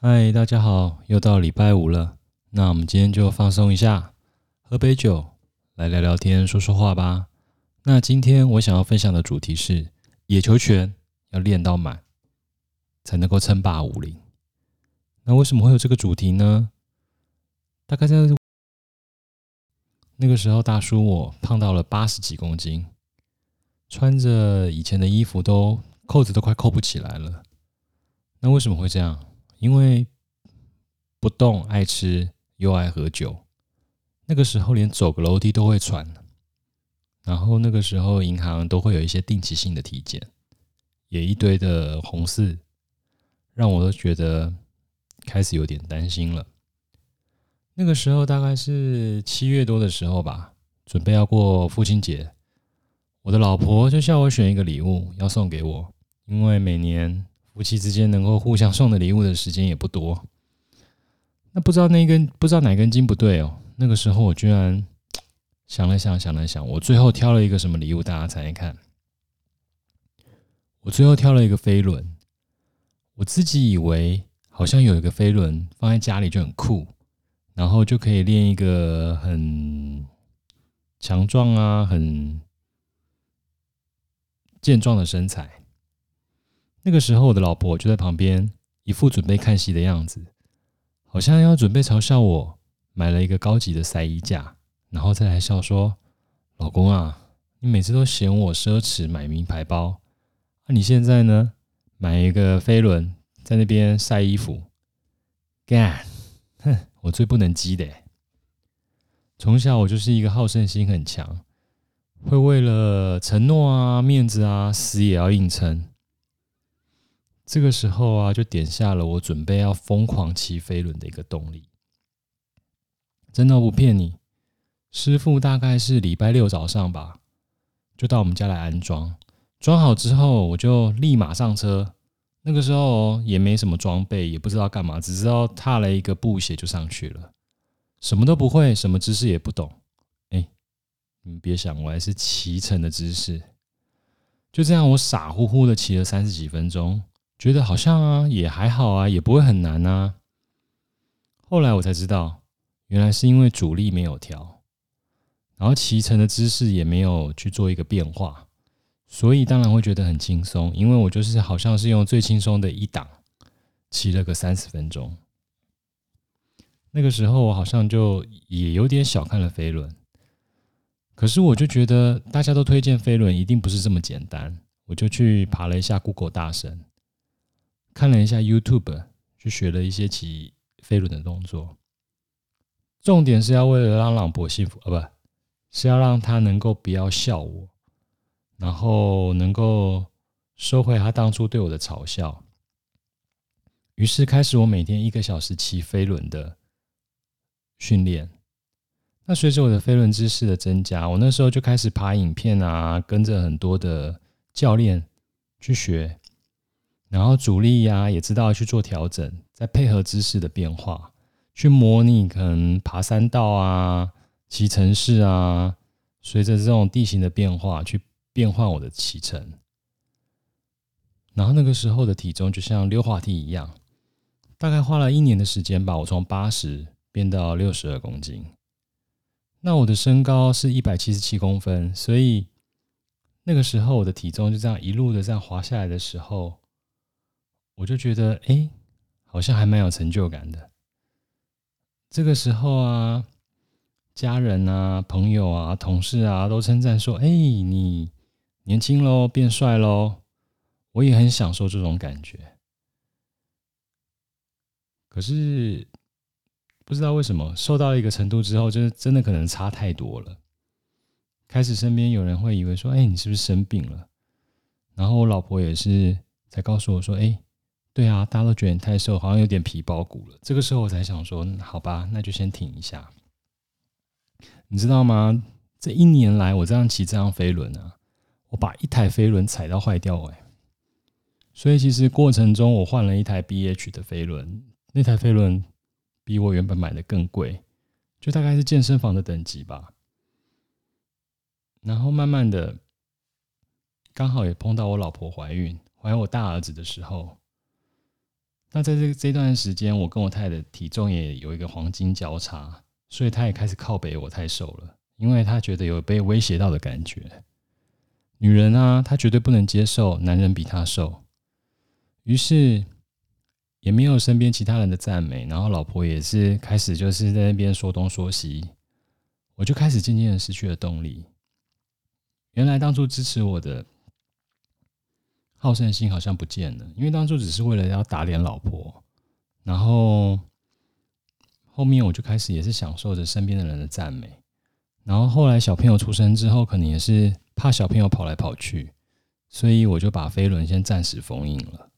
嗨，大家好，又到禮拜五了。那我們今天就放鬆一下，喝杯酒，來聊聊天，說說話吧。那今天我想要分享的主題是野球拳，要練到滿，才能夠稱霸武林。那為什麼會有這個主題呢？大概在那個時候，大叔我胖到了八十幾公斤，穿着以前的衣服都扣子，都快扣不起來了。那為什麼會這樣？因為不動、愛吃又愛喝酒，那個時候連走個樓梯都會喘。然後那個時候銀行都會有一些定期性的體檢，也一堆的紅字，讓我都覺得開始有點擔心了。那個時候大概是七月多的時候吧，準備要過父親節，我的老婆就叫我選一個禮物要送給我，因為每年。夫妻之間能夠互相送的禮物的時間也不多，那不知道那根不知道哪根筋不對哦。那個時候我居然想了想了想了想，我最後挑了一個什麼禮物？大家猜猜看，我最後挑了一個飛輪。我自己以為好像有一個飛輪放在家裡就很酷，然後就可以練一個很強壯啊、很健壯的身材。那個時候，我的老婆就在旁邊，一副準備看戲的樣子，好像要準備嘲笑我買了一個高級的曬衣架，然後再來笑說：“老公啊，你每次都嫌我奢侈買名牌包，那、啊、你現在呢？買一個飛輪在那邊曬衣服，幹！哼，我最不能激的。從小我就是一個好勝心很強，會為了承諾啊、面子啊，死也要硬撐。”這個時候啊，就點下了我準備要瘋狂騎飛輪的一個動力。真的不騙你，師傅大概是禮拜六早上吧，就到我們家來安裝。裝好之後，我就立馬上車。那個時候也沒什麼裝備，也不知道幹嘛，只知道踏了一個布鞋就上去了，什麼都不會，什麼姿勢也不懂，欸。哎，你們別想，我還是騎乘的姿勢。就這樣，我傻乎乎的騎了三十幾分鐘。覺得好像啊，也還好啊，也不會很難啊。後來我才知道，原來是因為阻力沒有調，然後騎乘的姿勢也沒有去做一個變化，所以當然會覺得很輕鬆。因為我就是好像是用最輕鬆的一檔騎了個三十分鐘。那個時候我好像就也有點小看了飛輪，可是我就覺得大家都推薦飛輪，一定不是這麼簡單。我就去爬了一下 Google 大神。看了一下 YouTube，去學了一些騎飛輪的動作。重點是要為了讓老婆幸福啊，不，不是要讓他能夠不要笑我，然後能夠收回他當初對我的嘲笑。於是開始我每天一個小時騎飛輪的訓練。那隨着我的飛輪知識的增加，我那時候就開始爬影片啊，跟着很多的教練去學。然後阻力呀、啊，也知道去做調整，再配合姿勢的變化，去模擬可能爬山道啊、騎城市啊，隨着這種地形的變化，去變換我的騎乘。然後那個時候的體重就像溜滑梯一樣，大概花了一年的時間吧，我從八十變到六十二公斤。那我的身高是一百七十七公分，所以那個時候我的體重就這樣一路的這樣滑下來的時候。我就覺得，哎、欸，好像還蠻有成就感的。這個時候啊，家人啊、朋友啊、同事啊，都稱讚說：“哎、欸，你年輕嘍，變帥嘍。”我也很享受這種感覺。可是不知道為什麼，瘦到一個程度之後，就是真的可能差太多了。開始身邊有人會以為說：“哎、欸，你是不是生病了？”然後我老婆也是才告訴我說：“哎、欸。”對啊，大家都覺得你太瘦，好像有點皮包骨了。這個時候我才想說，好吧，那就先停一下。你知道嗎？這一年來我這樣騎這樣飛輪啊，我把一台飛輪踩到壞掉哎、欸。所以其實過程中我換了一台 BH 的飛輪，那台飛輪比我原本買的更貴，就大概是健身房的等級吧。然後慢慢的，剛好也碰到我老婆懷孕，懷我大兒子的時候。那在這這段時間，我跟我太太的體重也有一個黃金交叉，所以她也開始靠北我太瘦了，因為她覺得有被威脅到的感覺。女人啊，她絕對不能接受男人比她瘦。於是也沒有身邊其他人的讚美，然後老婆也是開始就是在那邊說東說西，我就開始漸漸的失去了動力。原來當初支持我的。好勝心好像不見了，因為當初只是為了要打臉老婆，然後後面我就開始也是享受着身邊的人的讚美，然後後來小朋友出生之後，可能也是怕小朋友跑來跑去，所以我就把飛輪先暫時封印了。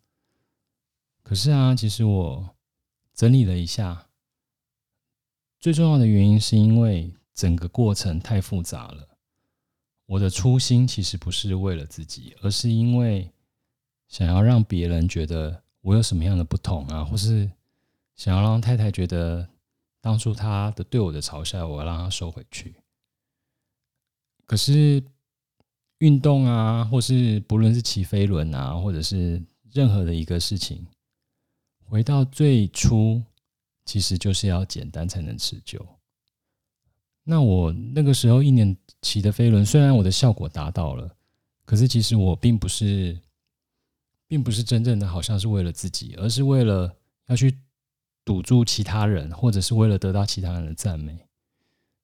可是啊，其實我整理了一下，最重要的原因是因為整個過程太複雜了，我的初心其實不是為了自己，而是因為。想要讓別人覺得我有什麼樣的不同啊，或是想要讓太太覺得當初她的對我的嘲笑，我要讓她收回去。可是運動啊，或是不論是騎飛輪啊，或者是任何的一個事情，回到最初，其實就是要簡單才能持久。那我那個時候一年騎的飛輪，雖然我的效果達到了，可是其實我並不是。並不是真正的好像是為了自己，而是為了要去堵住其他人，或者是為了得到其他人的讚美。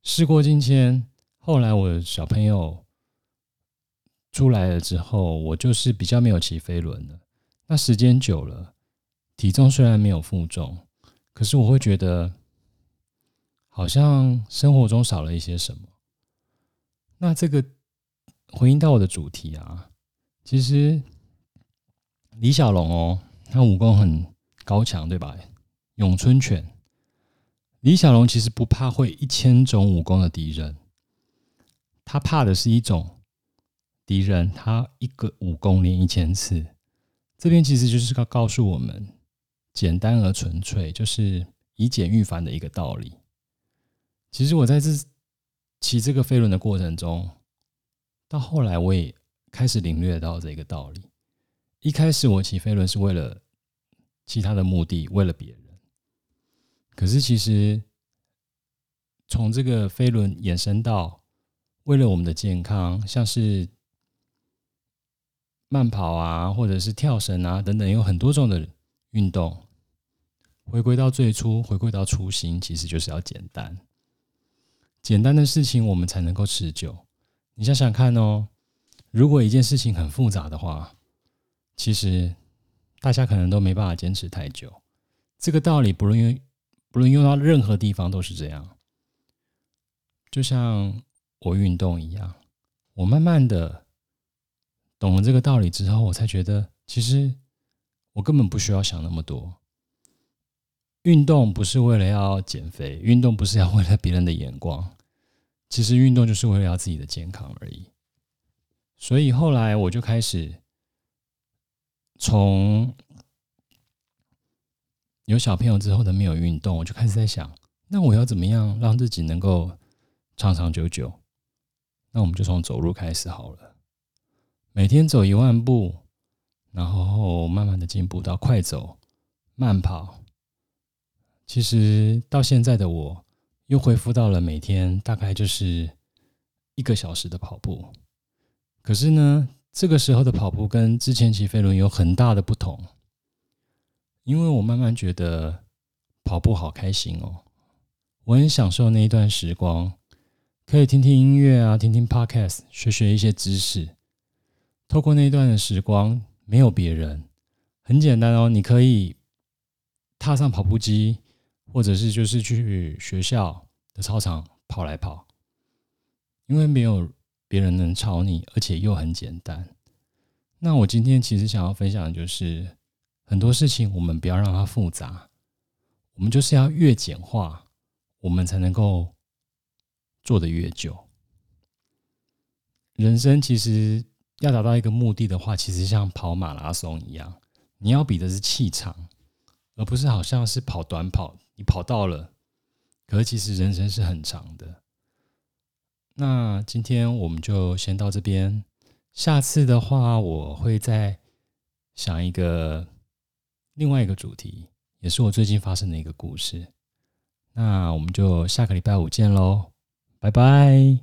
事過境遷，後來我小朋友出來了之後，我就是比較沒有騎飛輪了。那時間久了，體重雖然沒有負重，可是我會覺得好像生活中少了一些什麼。那這個回應到我的主題啊，其實。李小龍哦，他武功很高強，對吧？詠春拳。李小龍其實不怕會一千種武功的敵人，他怕的是一種敵人，他一個武功練一千次。這邊其實就是要告告訴我們，簡單而純粹，就是以簡馭繁的一個道理。其實我在這騎這個飛輪的過程中，到後來我也開始領略到這個道理。一開始我騎飛輪是為了其他的目的，為了別人。可是其實從這個飛輪衍生到為了我們的健康，像是慢跑啊，或者是跳繩啊等等，有很多種的運動。回歸到最初，回歸到初心，其實就是要簡單。簡單的事情，我們才能夠持久。你想想看哦，如果一件事情很複雜的話。其實，大家可能都沒辦法堅持太久。這個道理不論用不論用到任何地方都是這樣。就像我運動一樣，我慢慢的懂了這個道理之後，我才覺得其實我根本不需要想那麼多。運動不是為了要減肥，運動不是要為了別人的眼光，其實運動就是為了要自己的健康而已。所以後來我就開始。從有小朋友之後的沒有運動，我就開始在想，那我要怎麼樣讓自己能夠長長久久？那我們就從走路開始好了，每天走一萬步，然後慢慢的進步到快走、慢跑。其實到現在的我，又恢復到了每天大概就是一個小時的跑步。可是呢？這個時候的跑步跟之前騎飛輪有很大的不同，因為我慢慢覺得跑步好開心哦，我很享受那一段時光，可以聽聽音樂啊，聽聽 Podcast，學學一些知識，透過那一段的時光，沒有別人，很簡單哦，你可以踏上跑步機，或者是就是去學校的操場跑來跑，因為沒有。別人能抄你，而且又很簡單。那我今天其實想要分享的就是很多事情，我們不要讓它複雜，我們就是要越簡化，我們才能夠做得越久。人生其實要達到一個目的的話，其實像跑馬拉松一樣，你要比的是氣長，而不是好像是跑短跑，你跑到了。可是其實人生是很長的。那今天我們就先到這邊，下次的話我會再想一個另外一個主題，也是我最近發生的一個故事。那我們就下個禮拜五見嘍，拜拜。